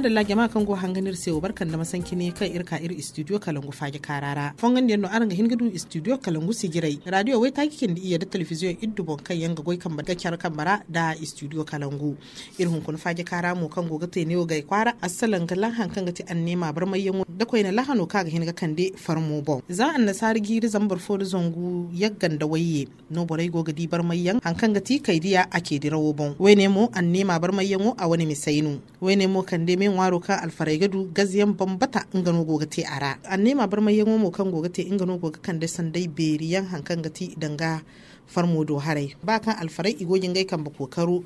madalla jama'a kan go hanganir sewo barkan da masanki ne kan irka ir studio kalangu fage karara fongan da no aranga hingudu studio kalangu sigirai radio wai ta kikin da iya da television iddu bon kan yanga goi kan barka kyar kan bara da studio kalangu irhun kun fage kara mu kan goga te ne ga kwara assalan galan hankan ga ti an nema bar mai yango da koi na lahano kaga hinga kan de farmo bon za an nasar giri zambar fodo zongu yaggan da waye no borai goga di bar mai yan hankan ga ti kai diya ake dirawo bon wai ne mu an nema bar mai yango a wani misainu wai ne mu kan de me yin waro kan alfarai gadu gaziyan bambata ingano goga te ara an nema bar mai yango kan goga te ingano goga kan da sandai beriyan hankan gati danga farmo do harai ba kan alfarai igogin gai kan bakokaro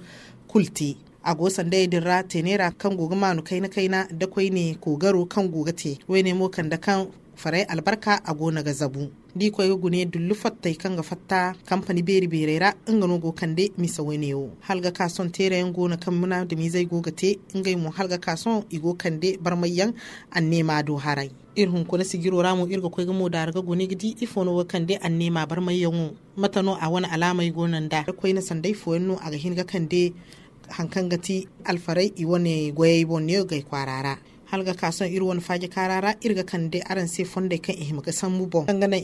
kulti a gosan da dirra tenera kan goga manu kai na kaina da kwai ne kogaro kan goga te wai nemo kan da kan farai albarka a gona ga zabu di ko yogo ne dullu fatta fatta kamfani beri berera inga nogo kande misa wani yau halga kason tera yan gona kan muna da mi zai goga te inga mu halga kason igo kande barmayyan an nema do harai irhun kuna sigiro ramu irga ko gamo da raga goni gidi ifono wa kande an nema barmayyan wo matano a wani alama alamai gonan da ko na sandai foyenno a ga hin ga kande hankan gati alfarai iwane goyai bonne ga kwarara halga iri wani fage karara irga kan de aran se fonde kan ihim ka san mu bon ngana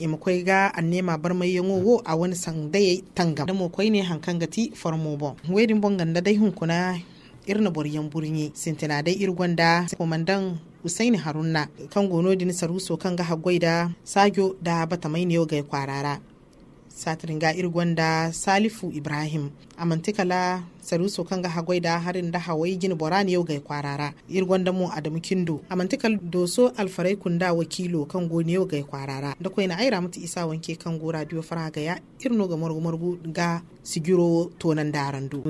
ga annema bar mai yango wo a wani san dai tangam da mo koy ne hankan gati formo bon wedin bon ganda dai hun kuna irna boryan burinye sintina dai irgonda komandan Usaini Haruna kan gono din saruso kan ga hagwai da sagyo da bata mai ne ga kwarara satiringa irgonda salifu ibrahim mantikala saruso hagwai da harin da hawai gini ne yau gai kwarara irgonda mu adamu kindo amantikal doso alfarai kunda wakilo kan goni yau gai kwarara da na aira mutu isa wanke kan go radio faraga ya irno ga margu ga sigiro tonan darandu.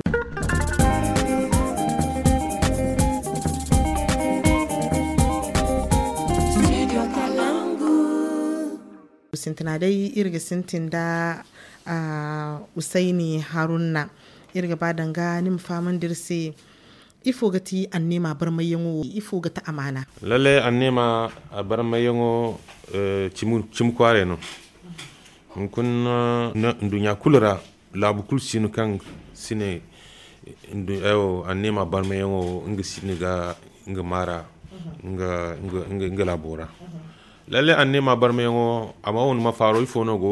sintina dai irga sintin da usaini harunna irga badan ga nim famin dirse ifo ga ti an nema bar mai yango ifo ga ta amana lalle an nema a bar mai yango e, cim kware no kun na dunya kulura labu kul sinu kan sine ndu ayo e, an nema bar mai yango inga sinu ga inga mara inga inga inga labora lalle an nema ma mai yango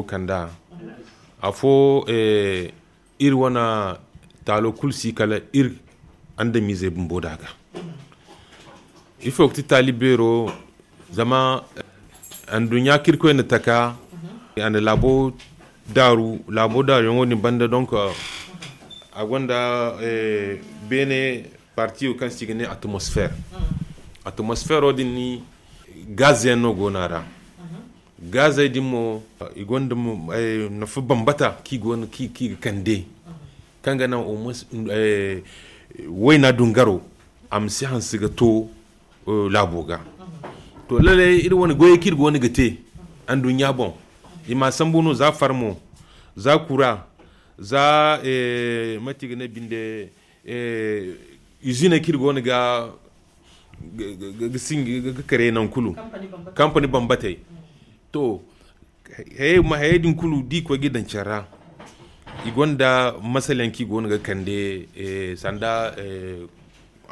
kanda a fo eh, ir talo ir an da I faut ifo tu de zama eh, an dunya kirko taka eh, an labo daru labo daru yango ni banda donc a eh, bene parti o kan atmosphère atmosphère gaziya no gona ra gaza di mo igonda mo eh, na fu bambata ki gona ki ki kande kanga na almost eh, wai na dungaro amsi han siga to eh, laboga to lele iri wani goye kir go wani gate an dunya bon ima sambuno za farmo za kura za matigina binde izina go wani ga singi kare nan kulu kamfani bambatai to haye ma din kulu di ko gidan cara igonda masalan ki gon ga kande e, sanda e, envelope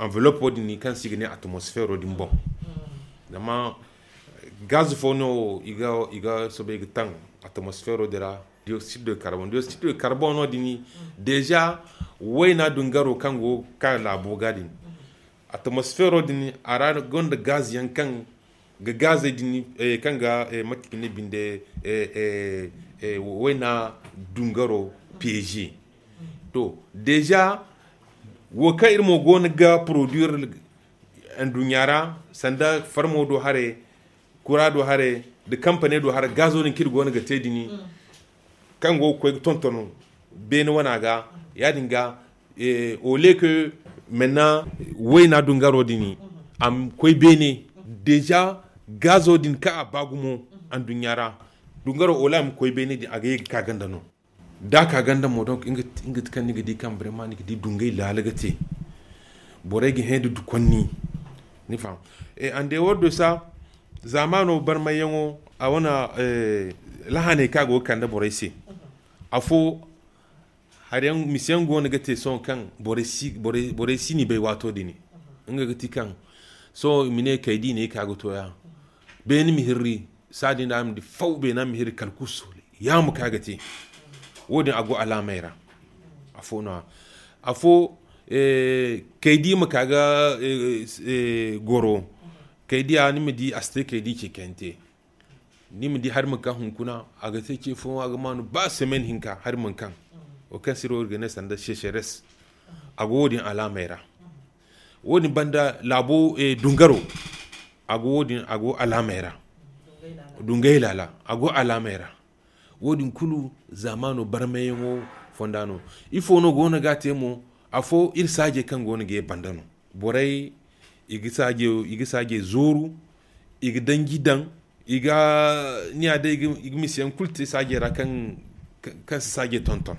enveloppe wodi ni kan sigine atmosphere wodi bon hmm. dama gaz fono iga iga sobe gitan atmosphere wodi ra dioxyde de carbone dioxyde de carbone wodi ni hmm. deja wayna dungaro kango kan labo gadin mm. atmosfero dini ara gonda gaz yankan e e ga gaz dini eh, kan ga eh, matikini binde eh, eh, eh, wena dungaro pg. to déjà wo ka irmo gona ga produire en dunyara sanda farmo do hare kura do hare da company do hare gazo kir kirgo ga tedini mm. kan go ko tontono beni wana ga ya dinga eh, o le que Maintenant woyi na dun Am koy bene deja gazo din ka bagumo dungaro Olam Kwebeni koy bene din aga ka gandano da ka ganda mo donc inga inga kan di kan vraiment di dungay lalagati bore gi du konni ni fam e en dehors de ça zamano barma yango eh, lahane kago kanda bore si afo har yan misiyan gona gate son kan boresi boresi ni bai wato dini ga gati kan so mine kaidi ne ka gato ya ben mi hirri sadi na am fau faw be na mi hirri ya mu ka gati wadin agu alamaira afo na afo e, kai di mu kaga ga e, e, goro di ani mi di aste di ke kente ni mi di har mu ka hunkuna a gate ke fo wa ga manu ba semen hinka har mun kan o kan siro organe sanda shesheres a wodin alamaira wani banda labo e dungaro ago a ago alamaira dungai lala ago alamaira wodin kulu zamano barmeyemo fondano ifo no gona gatemo afo irsaje kan gona ge bandano borai igisaje igisaje zuru igi dan iga niya da igi misiyan kulti sage ra kan kan sage tonton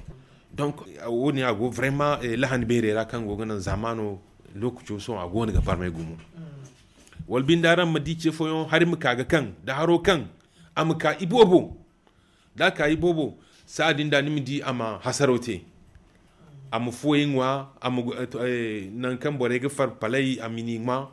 donc woni ago vraiment lahani ɓe rera kango gana zamano lokaco so a woni mm. ga farmay gumo wal bindaran ma dice foyon har mu kaga kan da haro kan amma ka ibobo da ka ibobo sa'adin da nimidi ama hasarote mm. amma foyin wa amma eh, eh, nan kan bore ga far palai amini ma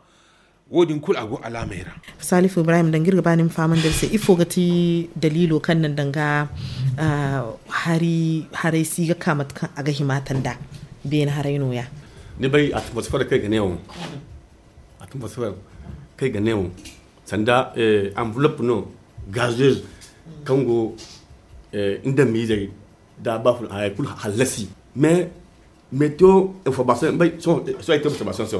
wodin kul ago alamayra salifu ibrahim dan girga banin faman da sai ifo ti dalilo kan nan danga ah, hari harai si ga kamat kan aga himatan da bayan harai noya ni bai atmosphere kai ga newo atmosphere kai ga newo sanda eh, envelope no gazeuse kango eh, inda mi dai da ba ful ay ah, kul halasi mais meto information bai so so ay information so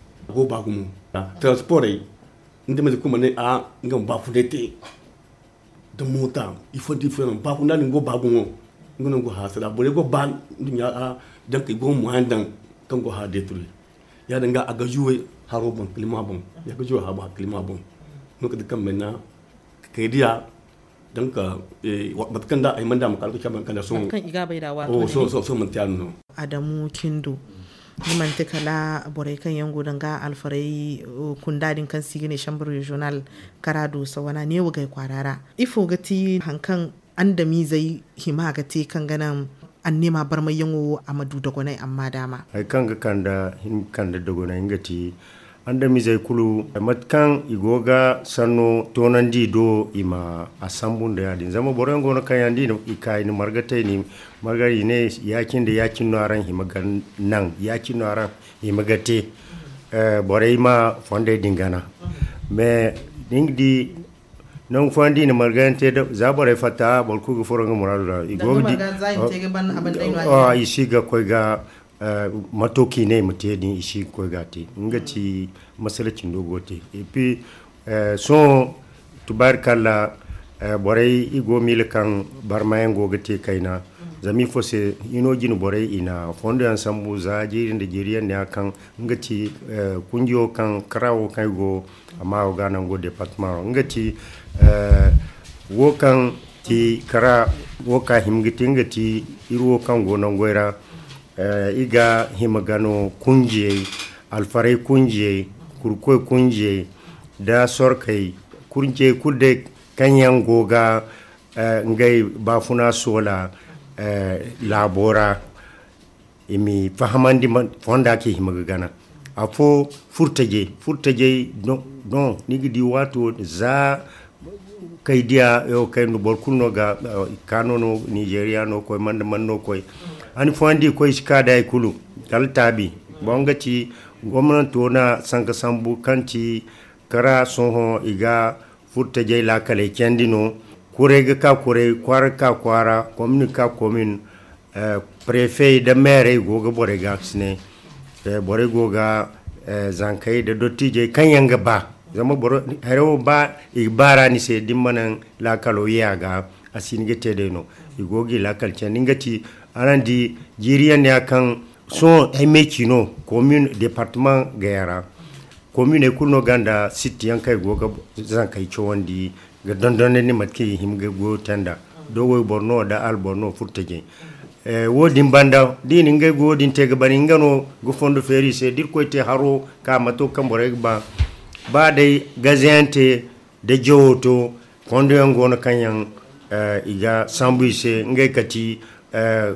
go bagumu transport nde mezi kuma ne a nga ba te de monta il faut différent mbafunda ni go bagumu ngono go sala bole go ban dunya a dank go go muhandan kan go ha detruire ya nga aga juwe haro bon klima bon ya ga juwe ha ba klima bon ka e, de kam mena kediya donc bat kanda ay e manda makal ko chaban kanda so kan iga wa oh, so so so man adamu kindo man te kala borai kan yango ga alfarai uh, dadin kan ne chamber regional karado sawana ne wagai kwarara ifo gati hankan an da mi zai hima ga kan ganan an nema bar mai a amadu dogonai amma dama ai kan ga kan da kan da dogonai da mizai kulu matkan igoga tonan tonandi do ima a da yadin zama boron gono kayandi ikai ni margatai ni magari ne yakin da yakin nuwaran himagan nan yakin nuwaran himagate uh, eh, borai ma fonde dingana me dingdi non fandi ni margante da zabare fata balku ga foron ga muradu da igogdi o isiga ga matoki ne mate din ishi ko gati nga ci masalacin dogo te puis uh, son tubarkalla uh, eh, borai igo mil kan barmayan gogate kaina zami fose ino jin borai ina fondo yan sambu za jirin da jiriyan ne akan nga ci eh, kungiyo kan karawo kan go amma ga nan go department nga ci wokan ti kara woka ka himgitinga ti irwo kan go nan goira Eh, iga himagano kunje alfarai kunje kurkoi kunje da sorkai kunje kude kanyan goga eh, ngai bafuna sola eh, labora imi fahamandi fonda ke himagana afo fo furtaje furtaje don nigidi wato za kaidia yo kai borkuno ga kanono nigeria no koy manda manno koy ani fondi ko iska da kulu dal tabi bonga ci gwamnati wona sanka sambu kanci kara soho iga furta la lakale kendino kure ga ka kure kwara ka kwara komini ka komin eh, prefet da mere go bore ga sine eh, bore goga eh, zankai da dotti kan kanyanga ba zama boro harewo ba ibara ni se dimmanan kalo yaga de no igogi lakal ceninga ti anan di jiriya ne kan son aime kino commune département gayara commune e kulno ganda city yan kai go zan kai ci wandi ga dondon ne matke him ga go tanda wo borno da al borno furtage e eh, wodin banda din inga go din te ga bani ngano go fondo feri se dir ko te haro ka mato kambore ba ba dai gazente da jowoto kondo yango no kanyan eh, iga sambuise ngai kati Eh,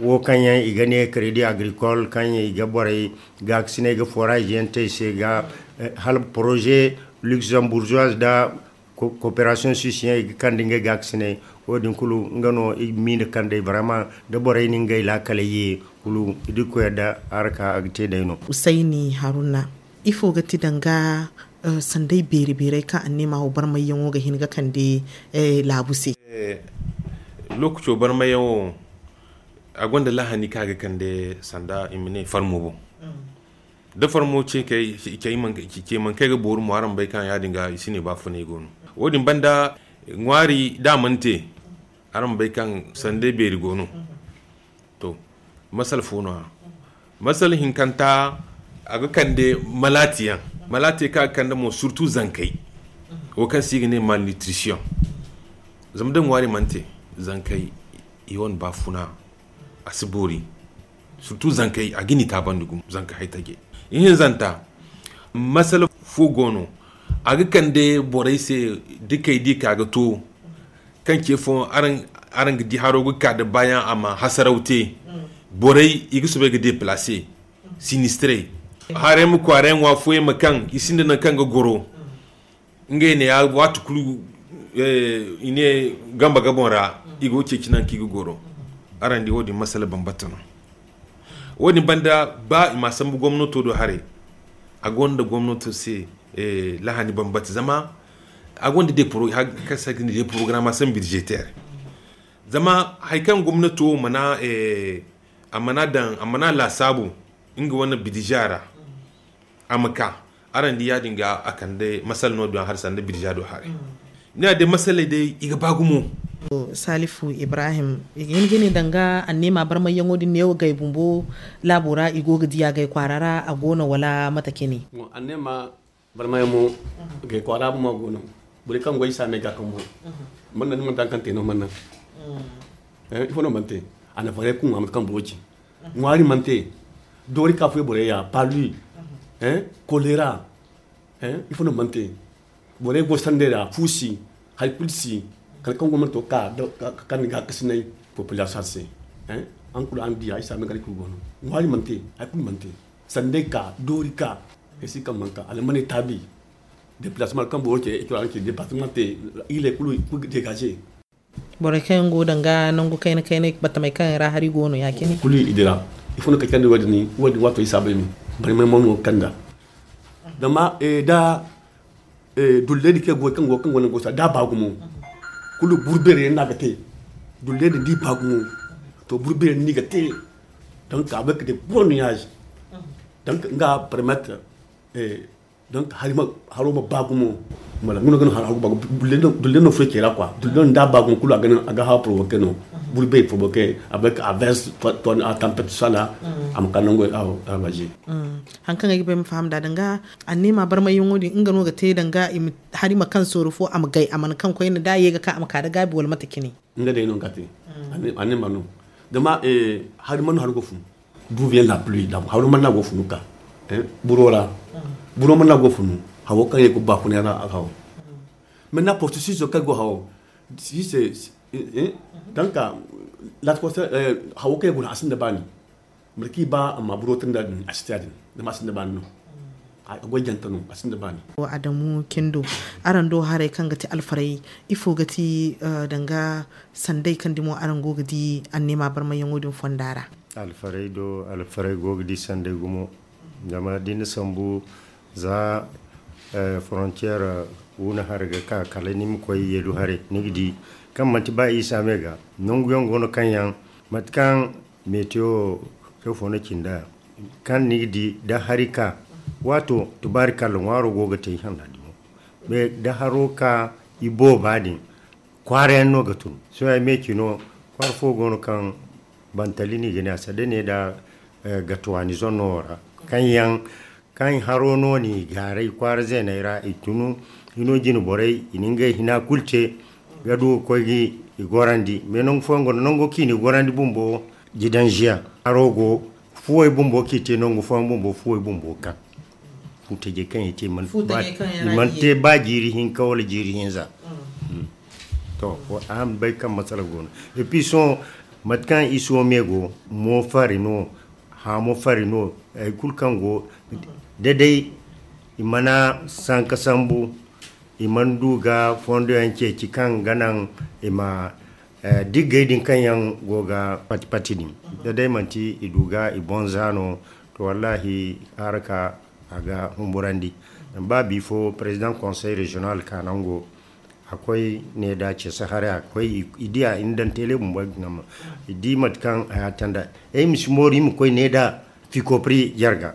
wo kanya i ne crédit agricole kanya i borai ga sine ga forage yente se ga eh, hal projet luxembourgeoise da coopération sucien iga kandinga ga sine din kulu ngano min kande vraiment da borai ni ngai la kala yi kulu idi ko da arka te dayno usaini haruna ifo ga ti danga eh, sandai bere beri ka an nema bar mai yanwo ga hin kan kande eh, labuse eh, lokacin bar agwanda lahani kaga kan da sanda imine farmo bu da farmo ce kai ke man ke man kai ga boru muharam bai kan ya dinga ne ba fune gonu wodin banda ngwari da mante aram bai kan sande beri gonu to masal funo masal hinkanta aga kan da malatiyan malati ka kan da mo surtout zankai wo kan signe malnutrition zamdan ngwari mante zankai iwon ba funa bori surtout zanka a gini ta bandugu zanka ge yin zanta masala gono a kan da borai sai duka yi dika ga to kan ke fon aran gidi haro guka da bayan amma hasaraute borai igi su ga deplace sinistre hare mu kware wa fuye mu kan isin da na kan ga goro ngai ne ya watu kulu eh, ine gamba gabon ra igo ce kinan ki goro arandi wodi masala bambatano wodi banda ba ma san gwamnato do hare a gonda gwamnato se eh, lahani bambata zama a gonda de pro ha kasa gini de programmation budgétaire zama haikan gwamnato mana eh, amana dan amana la sabu inga wannan bidijara amaka aran di yadin ga akan de masal no do har sanda bidija do hare mm. ina da masalai de iga bagumo salifu ibrahim yin gini danga a nema bar mai yan wadin yau gai bumbo labura igo gidiya gai kwarara a gona wala mata ne a nema bar mai mu gai kwarara mu gona buri kan gwai same ga kan mu mun nan mun dan kan teno mun nan eh ifo no mante ana fare kun am kan boji ngwari mante dori ka fu bore ya palu eh kolera eh ifo no mante bore go sandera fusi halpulsi kalkan gwamnati ka kan ga kasi nai popular sarse an un an diya isa mai karki gono ngwari mante ai kun mante sande ka dori ka esi kan manka almani tabi déplacement kan bo ke e kan ke département te ile kulu ku dégager vous kan go danga nan go kaina kaina batta mai kan ra hari gono ya kini kulu idira faut que kandi vous wadi wato isabe mi bari mai moi, kanda dama e da e eh, dulle dike go kan go kan go da ba kullum burbere yana ga du dulle di bagun to burbere ni ga te donc avec des bons nuages donc nga permettre eh, donc harima haroma bagumo mala nguna gana haru bagu dulendo dulendo fe kera kwa dulendo nda bagu kula gana aga ha provoke no mhm. buri be provoke avec averse ton a tempête sala mhm. am kanango aw abaji mhm. hankan ga be faham da danga anema bar mai yungo di ingano ga te danga harima kan sorofo am gai aman kan ko yana da ye ga ka am ka da gabi wal mata kini inda dai non kate anema no dama e, harima no haru fu d'où vient la pluie harima na go fu buloma lago funu hawo kan ye ko eh, eh, eh, ba funu yana akaw maintenant pour tout ce que go hawo si c'est donc la cosa hawo ke buna asin da bani mulki ba amma da asitadin da masin da bani a gwajen tanu asin da bani wa adamu kendo arando hare kan gati alfarai ifo gati danga sandai kan dimo aran go gadi an nema bar fondara alfarai do alfarai go sandai gumo jama'a din sambu za eh, frontière eh, wuna harga ka kala mu koy yelu hare nigdi kam manti ba isa mega nongu yongo no kanyan matkan meteo ke fono kinda kan nigdi da harika wato tubarikal waro goga te hanna dimo be da haroka ibo badi kware no gatun so ya meki no fo gono kan bantalini gina sadene da eh, gatuani zonora kanyan haro harono ni garai kwarze na ira itunu ino jini borai ininga hina kulce gadu kogi igorandi menong fongo nongo kini gorandi bumbo jidanjia arogo fuwe bumbo kite nongo fongo bumbo fuwe bumbo ka futeje kan yace man man te ba jiri hin kawal jiri hinza mm. mm. to ko am et puis son matkan iso mego mo farino ha mo farino e kulkan go mm. dadai imana san kasambu iman duga fondo yanke cikan ganan ima eh, digaidin kan yan goga patipati din dedai manti iduga zano to wallahi haraka aga humburandi ba bifo president conseil regional kanango akwai ne da ce, sahara akwai idiya indan tele mu bagna idi matkan ayatan da e eh, mishmori mu koi ne da fikopri yarga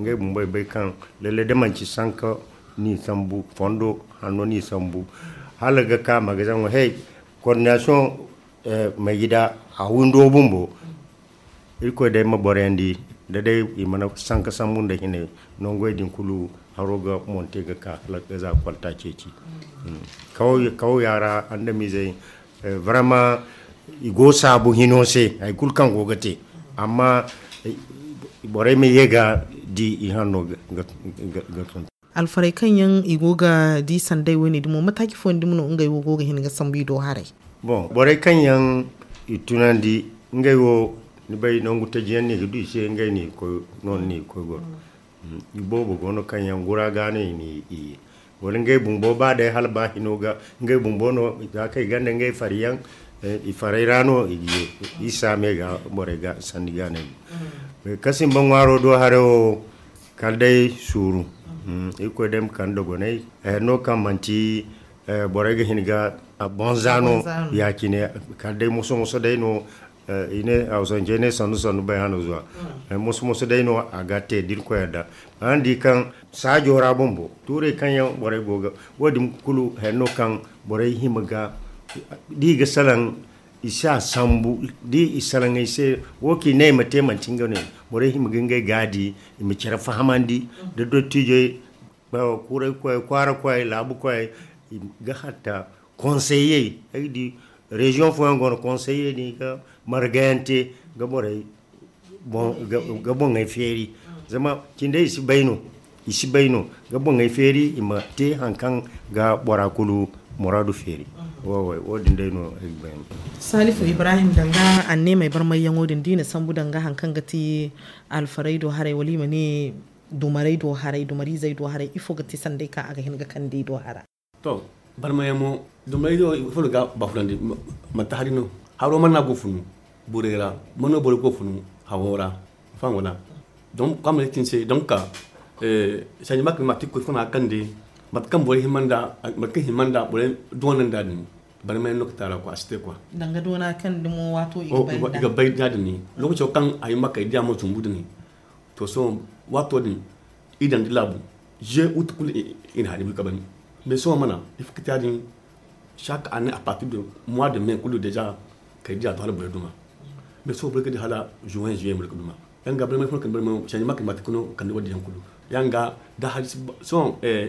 nge bumbo bai kan lele de manchi sanko ni sambu fondo hanno ni sambu halaga ka magazan wa hey coordination eh, mai gida a windo bumbo iko dai maborendi da dai imana sanka sambu de hine no ngoy din kulu haroga monte ga ka la za kwalta ceci mm. kawo kawo yara anda mi zai eh, vraiment igo sabu hinose ay kulkan gogate amma eh, bore me yega di i hanno gatton alfarai kan yan igoga di sandai wani dimo mataki fo ndimo no ngai wogo ga hinga sambi do hare bon bore kan yan itunandi ngai wo ni bay no ngutta jenni ke du ngai ni ko non ni ko go mm, ibobo gono kan yan gura gane ni i wani ngai bumbo ba da hal ba hinoga ngai bumbo no da kai ganda ngai fariyan eh, i farairano i isa mega bore sandigane mm. kasin waro do hareo kaldai suru hmm, iko dem kan dogonai eh, no kan manti eh, borege hinga bonzano yakine kaldai muso muso dai no eh, ine ausanje jene sanu sanu bai hano zuwa musu musu dai no agate dir ko yada andi kan sajo rabombo ture kan yan bore goga kulu henno kan bore himaga diga salan isa sambu di isaran se woki ne mate mancin gane more him gingai gadi mi kira fahamandi da dottijo ba kura kwai kwara kwai labu kwai ga hatta conseiller ai di region fo ngor conseiller ni ga margante ga more bon ga bon ngai feri zama kinde isi baino isi baino ga bon ngai feri ima te hankan ga borakulu moradu feri wawai odin dai no egben eh, salifu ibrahim danga an ne mai bar mayan odin dina sambu danga hankan gati alfaraido harai walima ne dumarai do harai dumari zai do harai ifo gati sandai ka aga hin ga kan dai do hara to bar mayan mo dumarai do ifo ga bafuran di mata harino haro manna go funu burera mono bore go funu hawora fangona donc comme le tinse donc euh changement climatique ko kan dai matakan boleh himanda matakan himanda boleh duwanan dadin bari mai nuk tara ko asite kwa danga duwana kan dumo wato iga bai dadin ni lokacin kan ayi maka idiya mo tumbudu ni to so wato din idan dilabu je utkul in hadi ka so mana ifkita din chaque année à partir de mois de mai kulu déjà kai dia to meso boleh duma mais so boleh di hala juin juillet boleh duma yanga boleh mai fon kan boleh mai chanjement climatique no kan wadi yankulu yanga da hadis so eh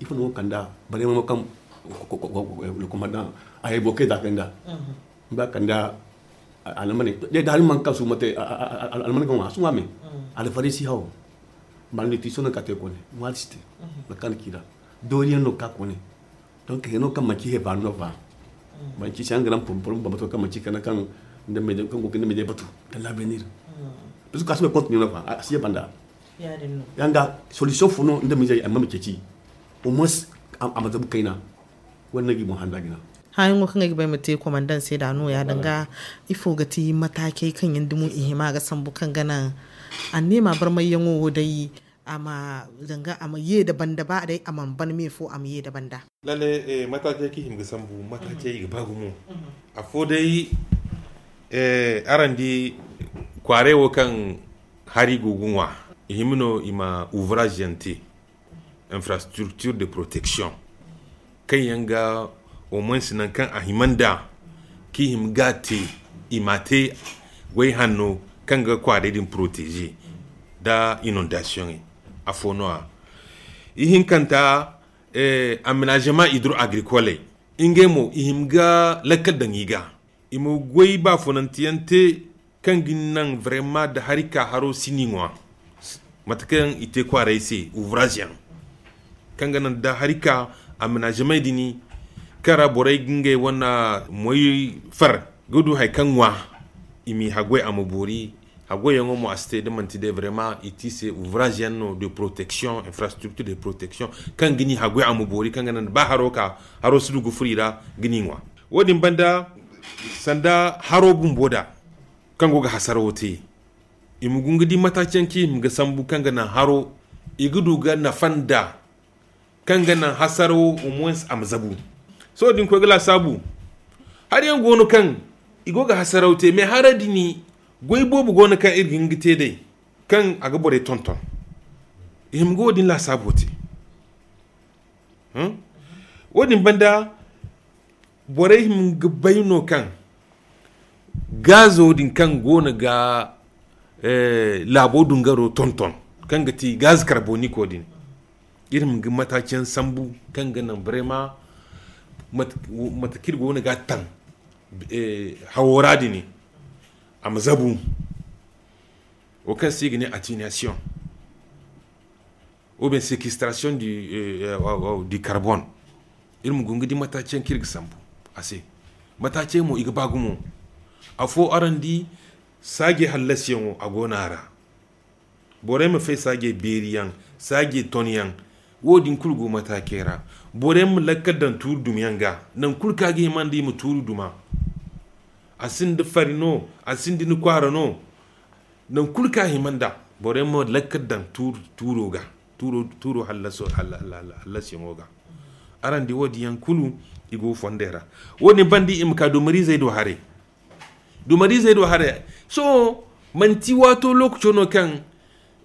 Il faut kanda kam le commandant a évoqué da kanda mba kanda almani de man kasu mate almani ko asu ngame mm-hmm. al farisi hawo man le tisona kate kone waliste mm-hmm. mm-hmm. la kan kira dorien no kakone donc no kam machi he banno va machi c'est un grand ba to kam kana kan de kan ko de batu de l'avenir parce que continue banda umus a amata bukai na wannan gibin handa gina hayin wakan gaba mu te komandan sai da no ya danga ifo ga ti matakai kan yin dumu ihima ga sambu kan gana an nema bar mai yanwo dai amma danga amma ye daban da ba dai amma ban me fo amma ye daban da lalle eh, matakai ki him ga sambu matakai ga bagu mu a fo dai eh, arandi kwarewo kan hari gugunwa ihimno ima ouvrage gente infrastructure de protection Kayanga yanga moins sinan ki himgati imate wai kanga kwa kwade protege da inundation a Ihinkanta eh, aménagement hydroagricole ingemo ihimga mo ga dangiga imo ba fonantiyante vraiment de harika haro siningwa matakan ite kwa se ouvrage kangana da harika menajemai dini kara borai gingai wana moyi far gudu haikanwa imi hagwe amuburi hagwe yango mo aste de mantide vraiment iti se ouvrage yanno de protection infrastructure de protection kan gini hagwe amuburi kangana ba haroka haro sudu gini ngwa wadi mbanda sanda haro bumboda kango ga hasarote imugungudi matacen matachanki mga sambu kangana haro igudu ga nafanda kangana hasaro umwens amzabu so din ko gila sabu har yan gonu kan igo ga hasarote me haradi ni goy bobu gonu kan irgin gite dai kan aga bore tonton im go din la sabote hmm wodin banda bore him gbayno kan gazo din kan gona ga eh, labo dungaro tonton kan gati gaz carbonico din irin matakin sambu kan ganin brema matakir ga wani gatan eh, haworadi ne a mazabu o kan sigi ne atténuation ou bien séquestration du, eh, du carbone irin gungudi matakin kirgi sambu ase matakin mu iga bagumu a fo arandi sage hallasiyan a gonara bore mu fai sage beriyan sage toniyan wodin kurgu mata kera bore mu lakkar da turu dumyanga nan kurka ga man da mu turu duma asin da farino asin da kwara no nan kurka he da bore mu lakkar da turo ga turo turo hallaso hallasi moga aran di wodi yan kulu igo fondera woni bandi im ka dumari zai do hare dumari zai do hare so manti wato lokacin kan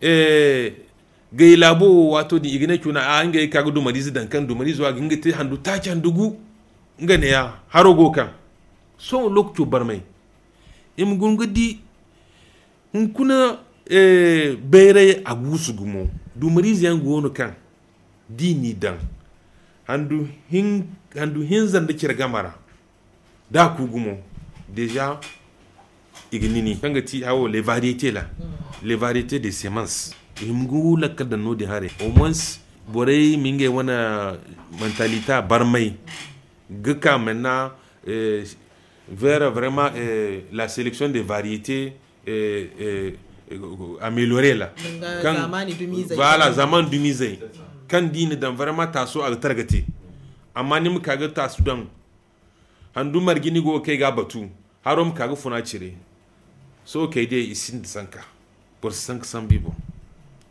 eh gai labo wato di igine kuna a nga ka gudu marizi dan kan du marizi wa ginga te handu ta can dugu nga ne ya haro go kan so lokto barmai im gungudi hun kuna e eh, bere a gusu gumo du marizi yan gono kan dini dan handu hin handu hin zan da gamara da ku gumo ni. ignini kanga ti hawo les variétés la mm. les variétés de semences ngu la kada no di hare au moins borai minge wana mentalita barmai gka maintenant euh, vers vraiment euh, la sélection des variétés euh, eh, eh, améliorer là kan voilà zaman dumizai quand dini dans vraiment taso al targate amani ni muka ga tasu dan handu margini go kai ga batu harom kaga funa cire so kai dai isin sanka pour 500 bibo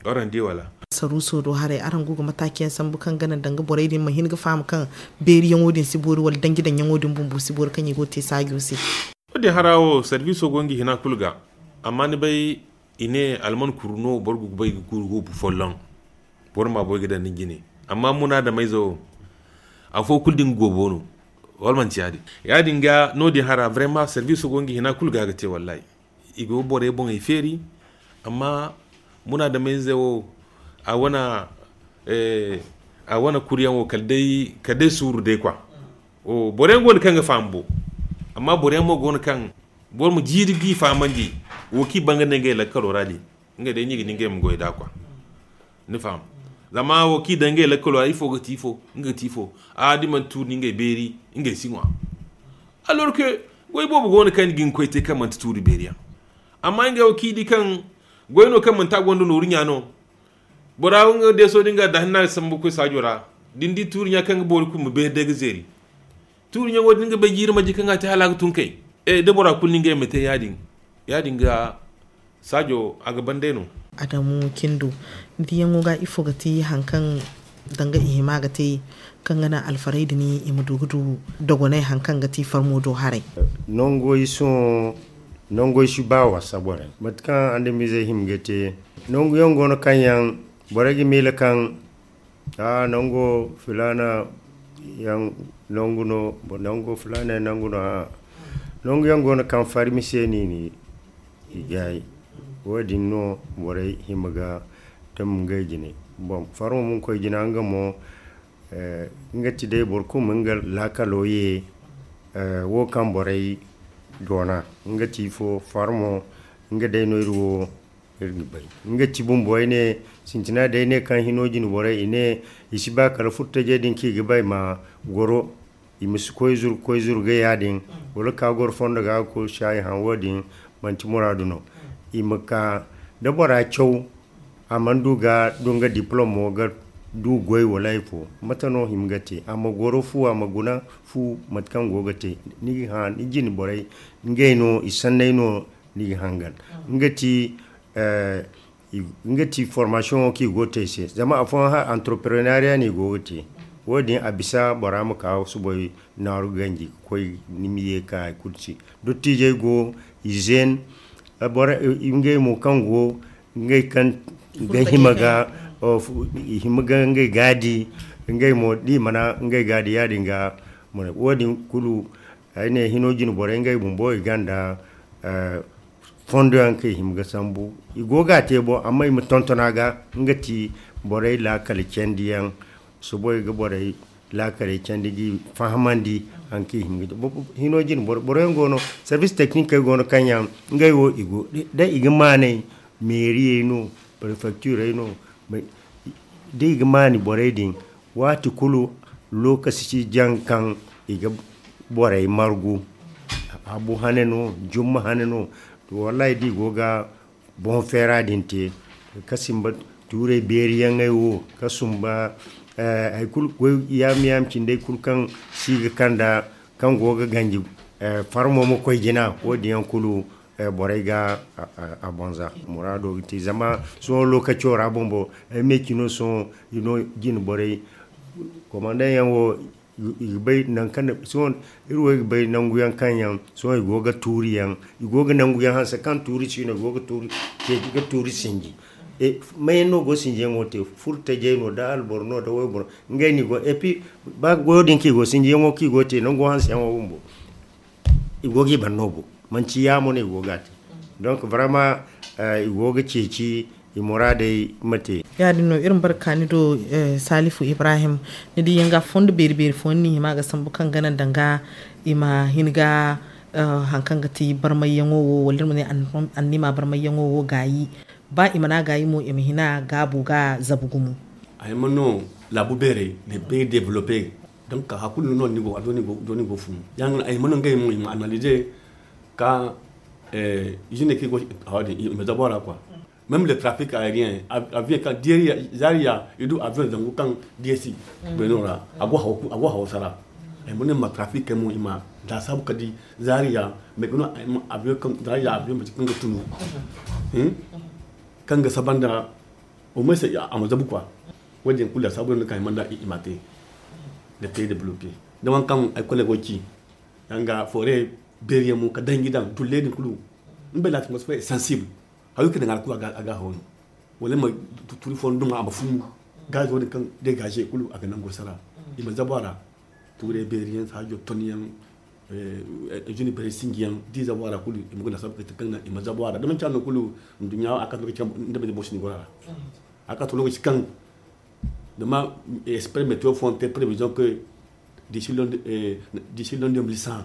oran diwala saru so do hare aran gugu mataki matakiyan sambu kan ganan danga borai din mahin ga fam kan beri yan odin sibori wal dangi dan yan odin bumbu sibori kan yigo te sagyo se ode harawo service gongi hina kulga amma ni bai ine alman kurno borgu bai gugu bu follon bor ma boy gidan gine amma muna da mai zo a fo kuldin gobono walman ciyadi ya dinga no di hara vraiment service gongi hina kulga ga te wallahi igo bore bon e feri amma muna da mai zai a wana eh, a wana kuriyan wo kadai kadai suru dai kwa o bore ngon kan ga fambo amma bore mo gon kan bor mu jiri gi famandi wo ki banga ne ga la karo rali nga dai ni ngi mu goy da kwa ni fam zama wo ki dange la karo ifo ga tifo nga tifo a di man tu ni nga beri nga singwa alors que goy bobo gon kan gin koy te kan man turi beriya amma nga wo ki di kan goyno kan mun tagwa ndo nurinya no bora wonga de so dinga da hanna sambu ko sajora dindi turnya kan bor ku mu be de gzeri turnya wodi dinga be girma jikan ga ta halaga tun kai e de bora kun ninga mete yadin yadin ga sajo aga bandeno adamu kindo diyan ga ifo ga ti hankan danga ihima ga te kan gana alfarai da ni imu dugu dogonai hankan ga ti farmo do harai non goyi sun nongo shi ba wasa bore matkan ande mize gete nongo yongo no kanyan boregi mele kan a nongo fulana yang nongo no bo nongo fulana nongo no nongo yongo no kan farmise ni ni igai wodi no bore himaga tam ngejine bom faro mun koy jina ngamo eh ngati de borku mungal lakaloye eh wo kan bore dona nga ci fo farmo nga day no irwo irgi bai nga ci bumbo ne sintina dai ne kan hinojin bore ine isi ba kar futta je din ki gibai ma goro i musu koy zur koy zur ga yadin wala ka gor fonda ga ko shay han wadin ci muradu no i maka da bora chow amandu ga dunga diplomo ga du goy walai fo matano himgate ama goro fu ama guna fu matkan gogate ha ni ijini borai ngeno isannai no ni hangal ngati eh ngati formation ki gote se zama afon ha entrepreneuriat ni gote wodi abisa boram ka su boy naru ganji koy ni mi ye ka do tije go izen bora ingay mu kango ngay kan ga himaga of him gangai gadi ngai mo di mana ngai gadi ya dinga mo wodi kulu aine hinojin bore ngai bumbo iganda uh, eh, fondo yanke him ga sambu igoga tebo amma mu tontona ngati bore la kali cendi yang so boy ga bore la kali cendi gi fahamandi anke him ga hinojin bore bore ngono service technique gono kanya ngai wo igo da iga mane mairie no prefecture no dig mani boredin wati kulu lokaci jankan iga borai margu abu haneno jumma haneno to wallahi di goga bon fera dinte ba ture beri ngai wo kasumba eh, ay kul go yam yam ndey kul kan siga kanda kan goga ganji eh, farmo mo koy jina wodi yan kulu boraiga a banza murado ti zama son lokaci rabombo mekino son you know jin borai komandan yan wo igbai nan kan son irwo igbai nan guyan kan yan son igoga turi yan igoga nan guyan hansa kan turi shi ne igoga turi ke ga turi sinji e mai no go sinje ngote furta je no da alborno da way borno ngai ni go epi ba godin ki go sinje ngo ki go te nan go hansa yan wo mbo igogi bannobo manci ya mun igo gati donc vraiment euh, igo ga ceci imora da mate ya no irin barka ni do eh, salifu ibrahim ni di yanga fond beri beri fonni ma ga sambu kan ganan danga ima hinga eh, hankan ga ti barmai yango wo walir mun an nima barmai yango wo gayi ba imana gayi mo imhina gabu ga zabugumu ay mono la bubere ne be développer donc hakulu no ni go adoni go doni go fumu yang ay mono ngai mo ima analyser quand euh, je n'écris ah, me d'abord là quoi. Même le trafic aérien, avion quand derrière Zaria, il doit avion dans quand DSI, mm. Beno là, agwa hoku ça là Et mon ma trafic mon ima da sabu kadi Zaria, mais kono avion quand Zaria avion mais quand tunu. Mm-hmm. Hein? Quand ga sabanda au moins c'est à amazabu quoi. Wajen kula sabu ne kai manda imate. Le pays développé. Donc quand il école gochi, yanga forêt beriyemu ka dangidan tulledin kulu mbe la latin wasu sensible hayu kidan alku aga aga hono wala ma tuli fon dunga amba fumu gaje wani kan de gaje kulu aga nan gosara ima zabara tu re beriyen sa jo e eh, eh, juni bere singiyam di zabara kulu ima na sabu kitan kan ima zabara dama man chano kulu dunya aka no kitan da bai boshi ni gora aka to lokaci kan da ma eh, esprit meteo fonte prévision que d'ici l'an d'ici l'an 2100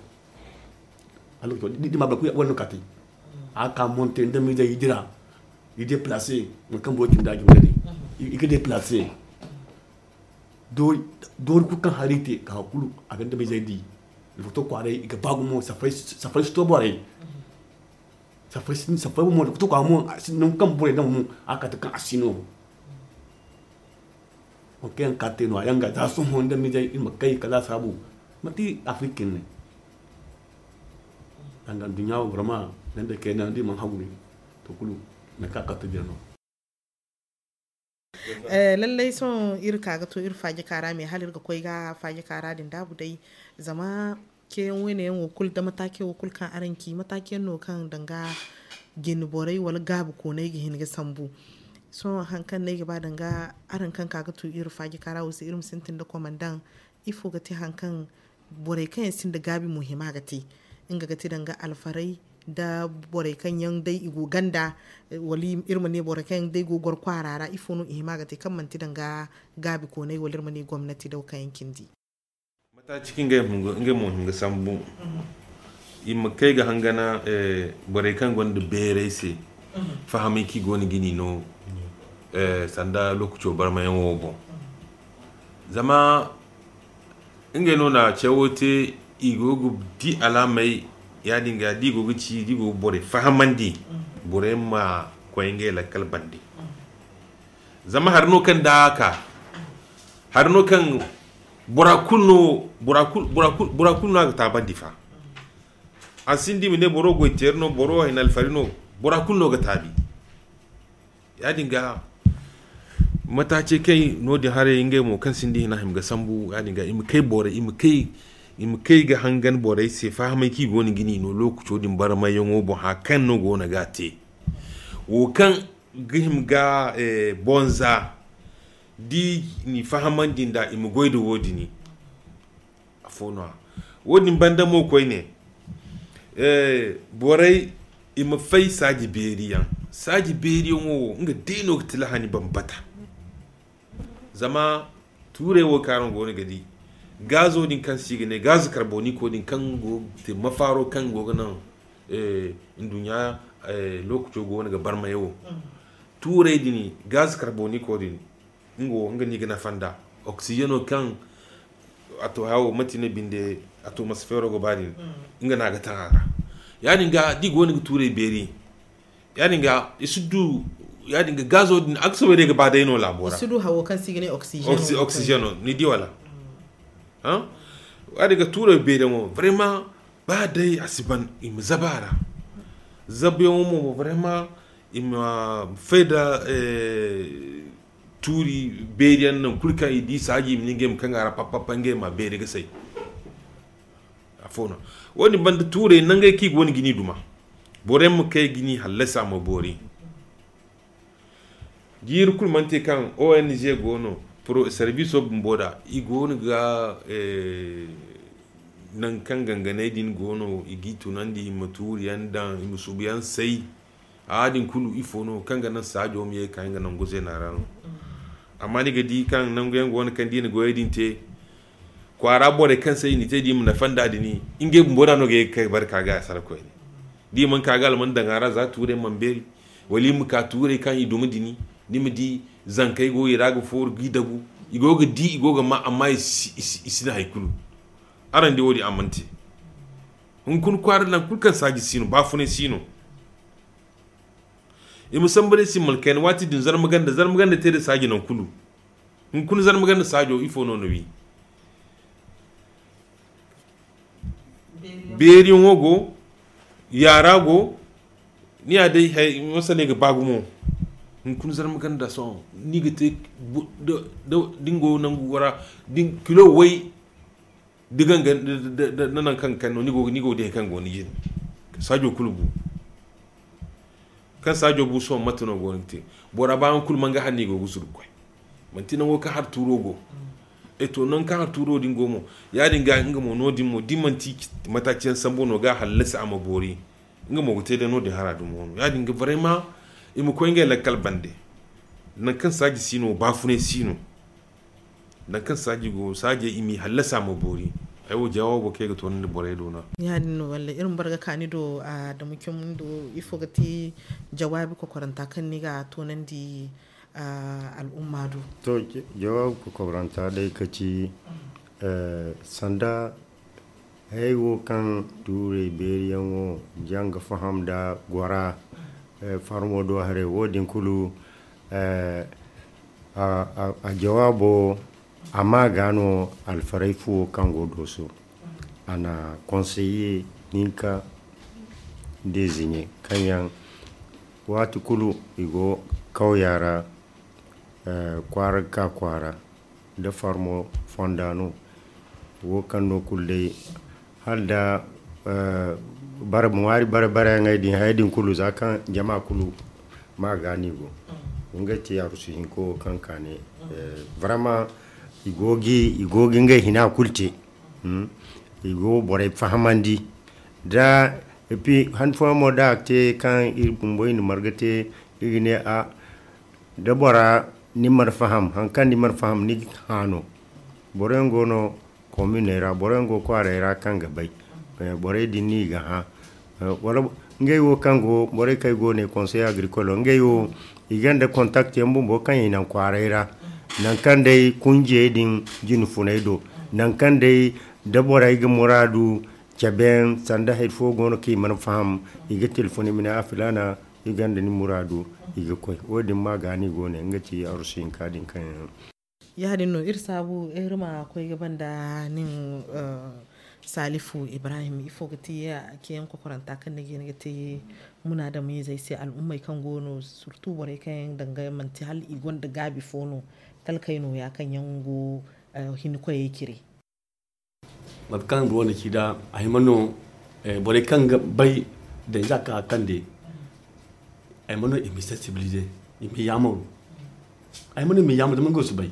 ma ko di kati a ka monte nda mi da yidira i déplacé mo kan bo tinda ju ngade i ke déplacé do do ku kan harite ka hakulu aga nda mi zaidi il faut to ko are i ka bagu mo sa fay sa fay sto bo are sa fay sa fay mo to ko mo non kan bo kan da aka ta kan asino o ken katino ayanga da so honda mi dai in kala sabu mati afrikin ne danga dunyawo vraiment nan da kai nan di man hagu to kulu na ka ka tubiyar no eh, lallai son ir kaga to ir faji kara mai halir ga koi ga faji kara din dabu dai zama ke wani yan wukul da matake wukul kan aranki matake no kan danga gini borai wal gabu ko ne gihin ga sambu so hankan ne ba danga aran kan kaga to ir faji kara wasu irin sintin da komandan ifo ga ti hankan borai kan sin da gabi muhimma ga ti in ga tidanga alfarai da borekan kan yan dai igu ganda wali irma ne borekan kan dai gogor kwarara ifonu ihima ga te kan man tidanga gabi ko ne wali irma ne gwamnati dauka yankin di mata cikin ga mun ga mun ga sambu mhm. imma kai ga hangana eh, borekan kan bere se mhm. fahami ki goni gini no eh, sanda lokaci bar mayan wobo mhm. zama inga nuna cewote igogo di alamai ya dinga di gogo ci di gogo bore fahamandi mm-hmm. bore ma kwenge la kalbandi zama har no kan da haka mm-hmm. no kan burakuno burakul burakul burakul na ta bandi fa mm-hmm. asindi mine boro go terno boro hinal farino burakul no ga tabi ya dinga matace kai no di hare inge mo kan sindi na him ga sambu ya dinga im kai bore im kai im kai ga hangan borai sai fahimai ki go ni gini no lokaci din bar mai yango bo ha kan no go na gate wo kan gihim ga eh, bonza di ni fahaman din da im goy da wodi ni afona wodin banda mo koy ne eh borai im fai saji beriyan saji beriyan wo nga dino tilahani bambata zama wo karon go ni gadi gazo din kan sigi ne gazi karboni ko din kan go te mafaro kan go nan eh dunya eh lokuto go ga barma yawo mm. ture din gazi karboni ko din ngo nga ni gana fanda oxygeno kan ato hawo matine binde atmosphere go bari mm. nga na ga tangara yani ga di go ni ture beri yani ga isudu yani ga gazo din aksobe de ga badai no labora isudu hawo kan sigi ne oxygeno oxygeno ni di wala hein adiga tura beda mo vraiment ba dai asiban im zabara zabiyo mo vraiment im ah, feda eh, turi yan nan kurka idi saji min game kan ara pappapan game ma beri ga sai afona wani banda ture nan ga ki wani gini duma boren mu kai gini halasa ma bori jir kul kan ONG gono pro service of mboda igon ga eh, nan kan gangane din gono igi tunandi yan dan musubiyan sai a adin kulu ifono kan ga nan sajo mi kan ga nan goze na rano amma ni ga di kan nan goyen gon kan din goye din te kwara bore kan sai ni te di mun fanda dini inge mboda no ga kai barka ga sarko ni di man kagal man dangara za ture man beri wali mu ka ture kan yi dini ni mu di zanka igo yi ga for gidagu igo ga di igo ga ma amma na haikulu aran de wodi amante hun kun kwar lan kun kan sagi sino ba fune sino e musambare si mulkan wati din zar maganda zar maganda tere saji nan kulu hun kun zar maganda sajo ifo no nowi beri ngogo yara go ni ade hay musale ga bagumo kun zar magan da son ni ga te dingo nan gugura din kilo wai digan ga nan kan kan ni go ni go de kan go ni jin sajo kulubu kan sajo bu son matuno go nte bora ba an kulman ga hanni go gusur kwai mantina wo ka har turo go e to nan ka har turo din go mo ya dinga inga mo no din mo din manti matakiyan sambo no ga halasa amabori inga mo te da no de haradu mo ya dinga vraiment imu koyinge lakkal bande nan kan saji sino bafune sino nan kan saji go saje imi halasa mu bori ai wo jawabo ke ga tonin bore do na ya din walla irin barga kani do a da muke mun do ifo ga ti jawabi ko karanta kan ni ga tonan di al'umma do to jawabi ko karanta dai kaci eh, sanda wo kan dure beriyan wo janga faham da gwara Eh, farmo do hare din kulu eh, a jawabo amma gano alfarai fuwo kango doso ana conseiller ninka désigné kanyan watu kulu igo kawyara uh, eh, kwara ka kwara da farmo fondano wo kanno kulle halda da bara mu wari bara bara ngai din haidin kulu zakan jama kulu ma gani go mm. nga ti yaru su hin ko kan kane eh, vraiment igogi igogi ngai hina kulte hmm igo bore fahamandi da epi han fo mo da te kan il kumbo ni margate igine a da bora ni mar faham han kan ni mar faham ni hano borengo no komune ra borengo ko ra kan gabai eh, bore dinni ga ha Eh, wala nge wo kango bore kay go ne conseil agricole nge wo igande contact yambu bo kan ina kwareira nan kan dai kunje din jin funaido nan kan dai dabora ga muradu caben sanda hay fo gono ki man faham iga telefoni mina afilana igande ni muradu iga koy wodin ma gani gone nga ci arusin kadin kan yadin no irsabu irma koy gaban da nin uh... Eh, salifu ibrahim ifo ga ti ya ke yanko kwaranta kan da gina yi muna da mai zai sai al'ummai kan gono surtu bare kan danga manti hal igon da gabi fono talkaino ya kan yango eh, hin ko ya kire matkan ruwan da kida a mano eh, bare kan bai da ya ka kan de a himano imi sensibilize imi yamoro a mano imi yamoro da mun go su bai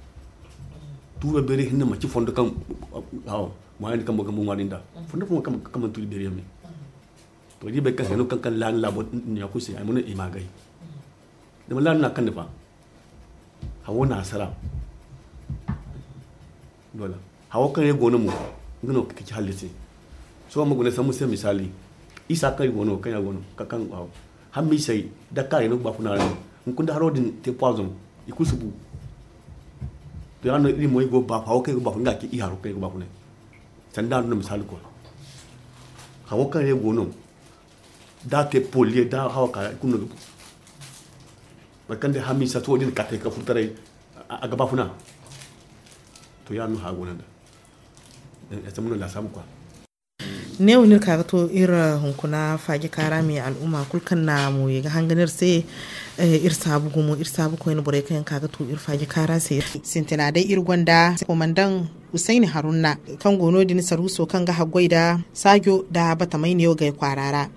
tuwe bere hinna ma ci fondo kam haw mo andi kam kam mo da fondo fo kam kam tu bere mi to di be kasano kan kan lan labo ni ko se ay mo ne ima gay de lan na kan fa hawo na sala dola hawo kan ye gono mu ngino ki ci halisi so mo gune samu sey misali isa kay gono kan ya gono ka kan hawo hammi sai da kai no ba kuna ni ngun da harodin te poison ikusubu to yano ili mo igo ba fa oke go ba nga ki i haro ke go ba ne tanda no misali ko ha wo kan go no da te polie da ha ka ku no ba kan de hami sa to din ka te ka futare aga ba na to ya nuna go nan da e tamuno la sam ne wani ka to ira hunkuna fage kara mai al'umma kulkan na mu ga hanganar sai eh, ir sabu gumo ir sabu ko ne bore kan kaga to ir fage kara sai sintina dai ir gwanda komandan Usaini Haruna kan gono din saruso kan ga hagwai da sagyo da bata mai ne yau ga kwarara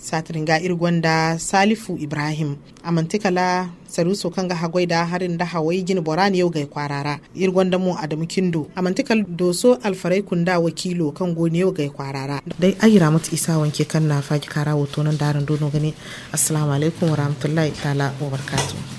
satiringa irgonda salifu ibrahim amantikala saruso hagwai da harin da hawai gini borani yau gai kwarara irgonda mu adamu kindo amantikal doso alfarai kunda wakilo kan goni yau gai kwarara dai ayira mata isa wanke kan na faki kara wato nan darin dono gani assalamu alaikum warahmatullahi ta'ala wa barakatuh